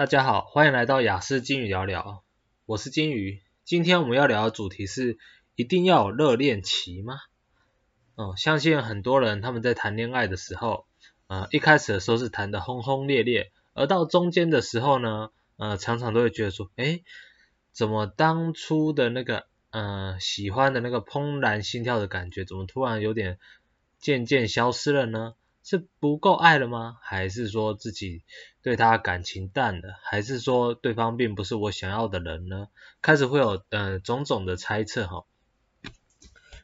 大家好，歡迎來到雅思金魚聊聊，我是金魚。今天我們要聊的主題是，一定要有熱戀期嗎？哦，相信很多人他們在談戀愛的時候，呃，一開始的時候是談得轟轟烈烈，而到中間的時候呢，呃，常常都會覺得說，誒，怎麼當初的那個，呃，喜歡的那個怦然心跳的感覺，怎麼突然有點漸漸消失了呢？是不夠愛了嗎？還是說自己對他感情淡了？還是說對方並不是我想要的人呢？開始會有呃種種的猜測哈、哦。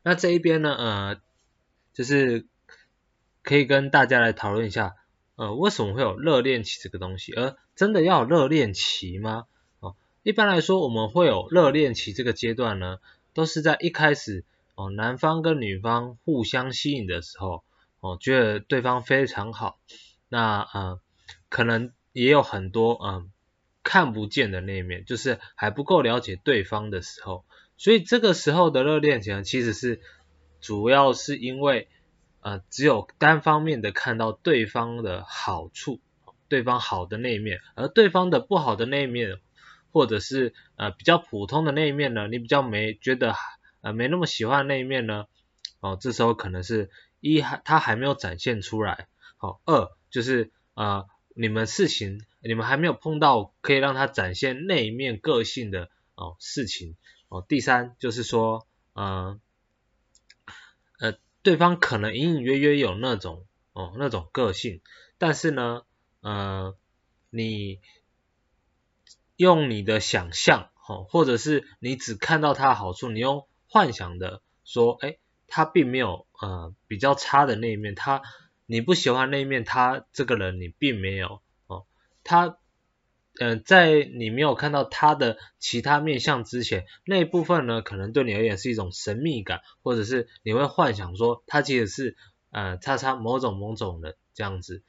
那這一邊呢呃，就是可以跟大家來討論一下呃為什麼會有熱戀期這個東西？而、呃、真的要有熱戀期嗎？哦，一般來說我們會有熱戀期這個階段呢，都是在一開始哦男方跟女方互相吸引的時候。我覺得對方非常好，那呃，可能也有很多嗯、呃、看不見的那一面，就是還不夠了解對方的時候，所以這個時候的熱戀期其實是主要是因為啊、呃、只有單方面的看到對方的好處，對方好的那一面，而對方的不好的那一面，或者是呃比較普通的那一面呢，你比較沒覺得呃沒那麼喜歡的那一面呢，哦、呃，這時候可能是。一還他還沒有展現出來，好、哦、二就是呃你們事情你們還沒有碰到可以讓他展現那一面個性的哦事情，哦，第三就是說呃呃對方可能隱隱約約有那種哦那種個性，但是呢呃你用你的想象，哦或者是你只看到他的好處，你用幻想的說哎。誒他並沒有呃比較差的那一面，他你不喜歡那一面，他這個人你並沒有哦，他嗯、呃、在你沒有看到他的其他面相之前，那一部分呢，可能對你而言是一種神秘感，或者是你會幻想說他其實是呃差差某種某種人這樣子，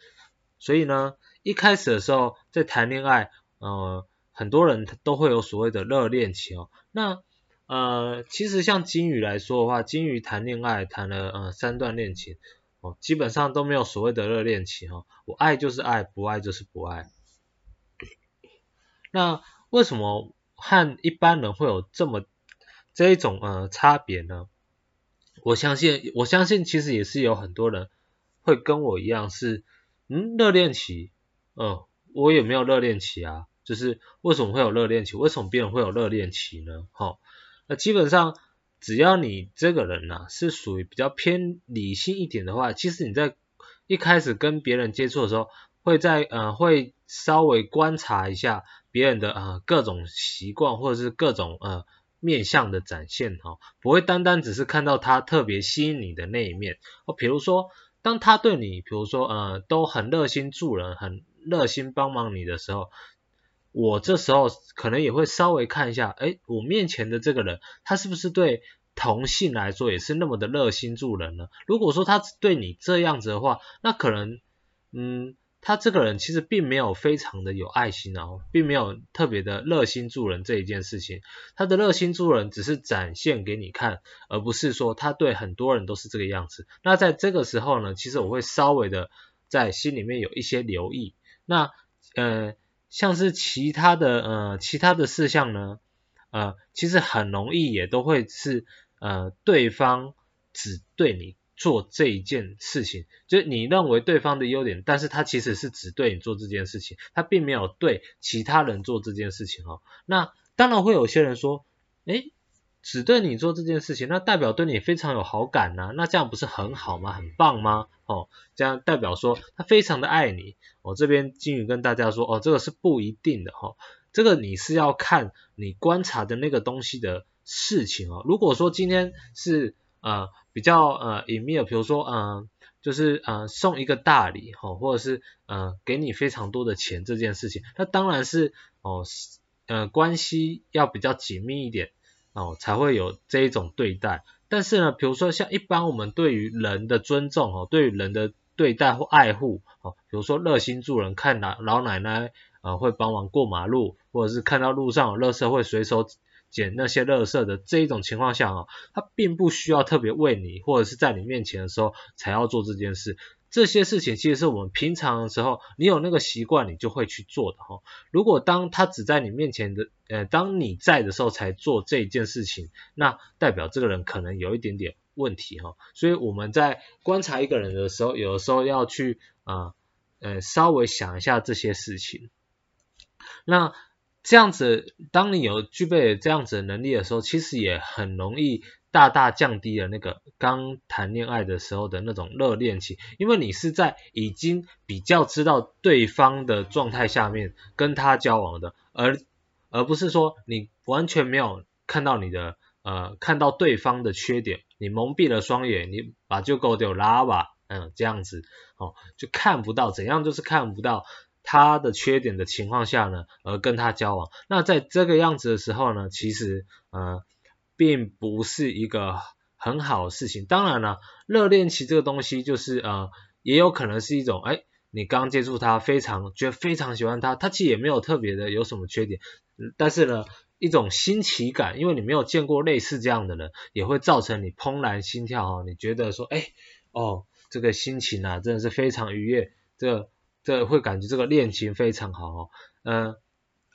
所以呢一開始的時候在談戀愛，呃很多人都會有所謂的熱戀期哦，那。呃，其實像金魚來說的話，金魚談戀愛談了，呃，三段戀情，哦，基本上都沒有所謂的熱戀期，哦，我愛就是愛，不愛就是不愛。那為什麼和一般人會有這麼這一種，呃，差別呢？我相信我相信其實也是有很多人會跟我一樣是，嗯，熱戀期，嗯，呃，我也沒有熱戀期啊，就是為什麼會有熱戀期？為什麼別人會有熱戀期呢？哦那基本上，只要你這個人啊是屬於比較偏理性一點的話，其實你在一開始跟別人接觸的時候，會在呃會稍微觀察一下別人的呃各種習慣或者是各種呃面向的展現哈，哦，不會單單只是看到他特別吸引你的那一面哦，比如說當他對你，比如說呃都很熱心助人，很熱心幫忙你的時候。我這時候可能也會稍微看一下，誒，我面前的這個人，他是不是對同性來說也是那麼的熱心助人呢？如果說他對你這樣子的話，那可能，嗯，他這個人其實並沒有非常的有愛心哦，並沒有特別的熱心助人這一件事情。他的熱心助人只是展現給你看，而不是說他對很多人都是這個樣子。那在這個時候呢，其實我會稍微的在心裡面有一些留意。那，嗯、呃。像是其他的呃其他的事項呢，呃其實很容易也都會是呃對方只對你做這一件事情，就是你認為對方的優點，但是他其實是只對你做這件事情，他並沒有對其他人做這件事情哦，那當然會有些人說，誒、欸只對你做這件事情，那代表對你非常有好感吶、啊，那這樣不是很好嗎？很棒嗎？哦，這樣代表說他非常的愛你。我這邊金魚跟大家說，哦，這個是不一定的哦。這個你是要看你觀察的那個東西的事情哦。如果說今天是呃比較呃隱秘的，比如說嗯、呃、就是呃送一個大禮哈、哦，或者是呃給你非常多的錢這件事情，那當然是哦是呃關係要比較緊密一點。哦，才會有這一種對待。但是呢，比如說像一般我們對於人的尊重哦，對於人的對待或愛護哦，比如說熱心助人，看老老奶奶，呃，會幫忙過馬路，或者是看到路上有垃圾會隨手撿那些垃圾的這一種情況下哦，他並不需要特別為你，或者是在你面前的時候才要做這件事。這些事情其實是我們平常的時候，你有那個習慣，你就會去做的哈。如果當他只在你面前的，呃，當你在的時候才做這件事情，那代表這個人可能有一點點問題哈。所以我們在觀察一個人的時候，有的時候要去啊，呃，呃，稍微想一下這些事情。那這樣子，當你有具備這樣子的能力的時候，其實也很容易。大大降低了那個剛談戀愛的時候的那種熱戀期，因為你是在已經比較知道對方的狀態下面跟他交往的，而而不是說你完全沒有看到你的呃看到對方的缺點，你蒙蔽了雙眼，你把就 go 掉拉吧，嗯，這樣子哦，就看不到怎樣，就是看不到他的缺點的情況下呢，而跟他交往。那在這個樣子的時候呢，其實呃。並不是一個很好的事情。當然了、啊，熱戀期這個東西就是呃，也有可能是一種哎，你剛接觸他，非常覺得非常喜歡他，他其實也沒有特別的有什麼缺點。但是呢，一種新奇感，因為你沒有見過類似這樣的人，也會造成你怦然心跳啊、哦。你覺得說哎，哦，這個心情啊真的是非常愉悅，這這會感覺這個戀情非常好哈、哦，嗯、呃。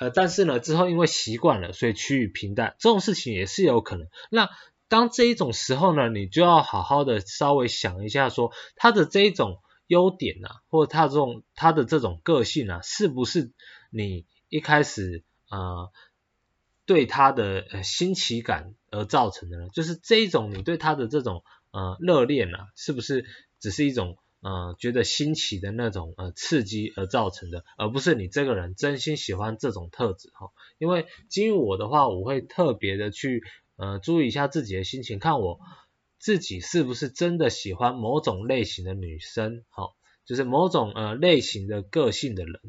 呃，但是呢，之後因為習慣了，所以趨於平淡，這種事情也是有可能。那當這一種時候呢，你就要好好的稍微想一下說，說他的這一種優點呢、啊，或者他這種他的這種個性啊，是不是你一開始呃對他的新奇感而造成的呢？就是這一種你對他的這種呃熱戀啊，是不是只是一種？呃，覺得新奇的那種呃刺激而造成的，而不是你這個人真心喜歡這種特質哈、哦。因為基於我的話，我會特別的去呃注意一下自己的心情，看我自己是不是真的喜歡某種類型的女生，齁、哦，就是某種呃類型的個性的人，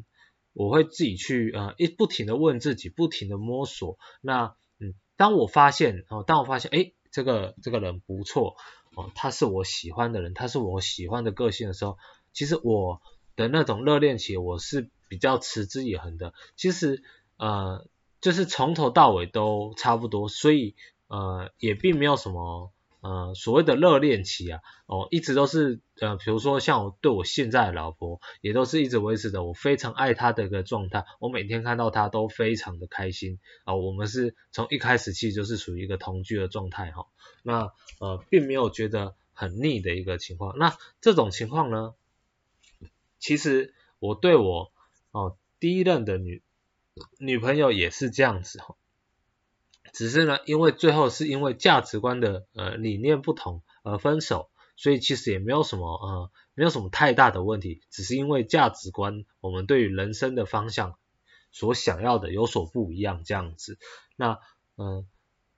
我會自己去呃一不停的問自己，不停的摸索。那嗯，當我發現哦，當我發現誒，這個這個人不錯。哦，他是我喜歡的人，他是我喜歡的個性的時候，其實我的那種熱戀期我是比較持之以恆的，其實呃就是從頭到尾都差不多，所以呃也並沒有什麼。呃，所謂的熱戀期啊，哦，一直都是，呃，比如說像我對我現在的老婆，也都是一直維持着我非常愛她的一個狀態，我每天看到她都非常的開心啊、哦。我們是從一開始其實就是屬於一個同居的狀態哈、哦，那呃，並沒有覺得很膩的一個情況。那這種情況呢，其實我對我哦第一任的女女朋友也是這樣子哈。只是呢，因為最後是因為價值觀的呃理念不同而分手，所以其實也沒有什麼啊、呃，沒有什麼太大的問題，只是因為價值觀，我們對於人生的方向所想要的有所不一樣這樣子。那嗯、呃，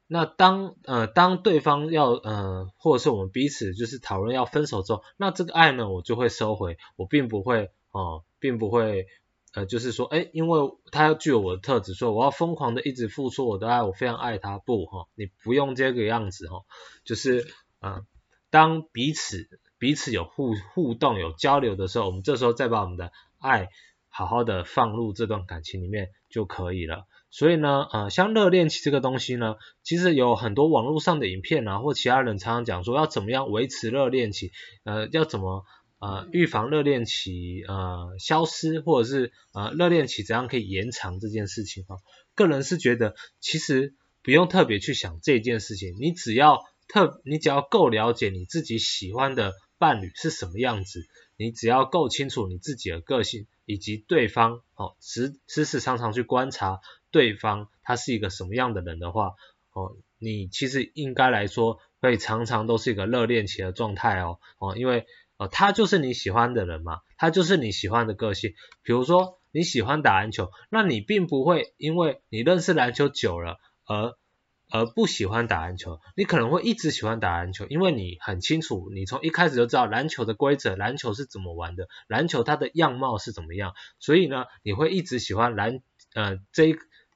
那當呃當對方要呃或者是我們彼此就是討論要分手之後，那這個愛呢我就會收回，我並不會哦、呃，並不會。呃，就是說，誒，因為他具有我的特質，說我要瘋狂的一直付出我的愛，我非常愛他，不吼，你不用這個樣子吼，就是，嗯、呃，當彼此彼此有互互動、有交流的時候，我們這時候再把我們的愛好好的放入這段感情裡面就可以了。所以呢，呃，像熱戀期這個東西呢，其實有很多網絡上的影片啊，或其他人常常講說要怎麼樣維持熱戀期，呃，要怎麼。呃，預防熱戀期呃消失，或者是呃熱戀期怎樣可以延長這件事情哦，啊，個人是覺得其實不用特別去想這件事情，你只要特你只要夠了解你自己喜歡的伴侶是什麼樣子，你只要夠清楚你自己的個性以及對方哦時，時時常常去觀察對方他是一個什麼樣的人的話哦，你其實應該來說會常常都是一個熱戀期的狀態哦哦，因為。哦，他就是你喜歡的人嘛，他就是你喜歡的個性。比如說你喜歡打籃球，那你並不會因為你認識籃球久了而而不喜歡打籃球，你可能會一直喜歡打籃球，因為你很清楚，你從一開始就知道籃球的規則，籃球是怎麼玩的，籃球它的樣貌是怎麼樣，所以呢，你會一直喜歡籃呃，這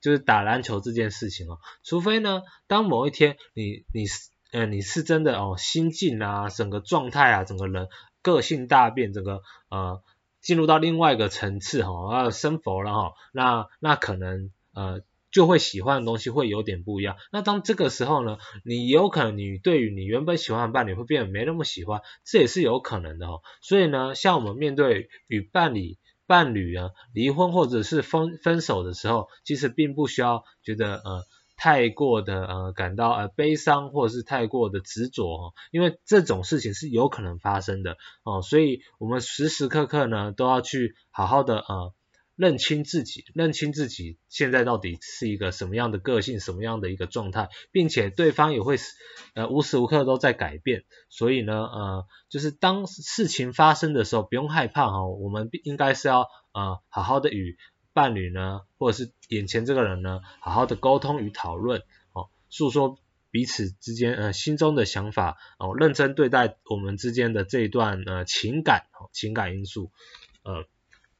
就是打籃球這件事情哦。除非呢，當某一天你你是呃你是真的哦，心境啊，整個狀態啊，整個人。個性大變，這個呃進入到另外一個層次哈，要升佛了哈，那那可能呃就會喜歡的東西會有點不一樣。那當這個時候呢，你有可能你對於你原本喜歡的伴侶會變得沒那麼喜歡，這也是有可能的哈、哦。所以呢，像我們面對與伴侶伴侶啊離婚或者是分分手的時候，其實並不需要覺得呃。太過的呃感到呃悲傷或者是太過的執着哈、哦，因為這種事情是有可能發生的哦，所以我們時時刻刻呢都要去好好的呃認清自己，認清自己現在到底是一個什麼樣的個性，什麼樣的一個狀態，並且對方也會呃無時無刻都在改變，所以呢呃就是當事情發生的時候不用害怕哈、哦，我們應該是要呃好好的與。伴侶呢，或者是眼前這個人呢，好好的溝通與討論哦，訴說彼此之間呃心中的想法哦，認真對待我們之間的這一段呃情感哦，情感因素，呃，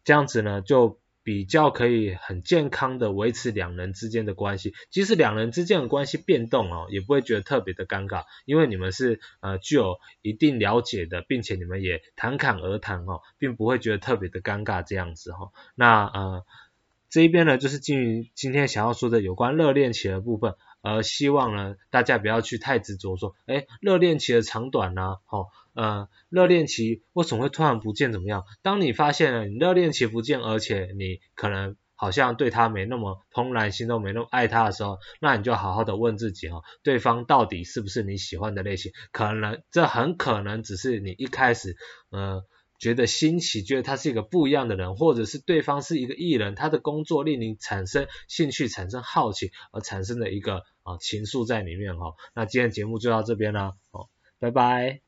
這樣子呢就。比較可以很健康的維持兩人之間的關係，即使兩人之間的關係變動哦，也不會覺得特別的尷尬，因為你們是呃具有一定了解的，並且你們也侃侃而談哦，並不會覺得特別的尷尬這樣子哈、哦。那呃這一邊呢，就是基於今天想要說的有關熱戀期的部分，而、呃、希望呢大家不要去太執着說，誒熱戀期的長短呢、啊，哦。呃、嗯，熱戀期為什麼會突然不見？怎麼樣？當你發現你熱戀期不見，而且你可能好像對他沒那麼怦然心動，沒那麼愛他的時候，那你就好好的問自己哈，對方到底是不是你喜歡的類型？可能這很可能只是你一開始呃、嗯，覺得新奇，覺得他是一個不一樣的人，或者是對方是一個藝人，他的工作令你產生興趣、產生好奇而產生的一個啊情愫在裡面哈。那今天節目就到這邊了，哦，拜拜。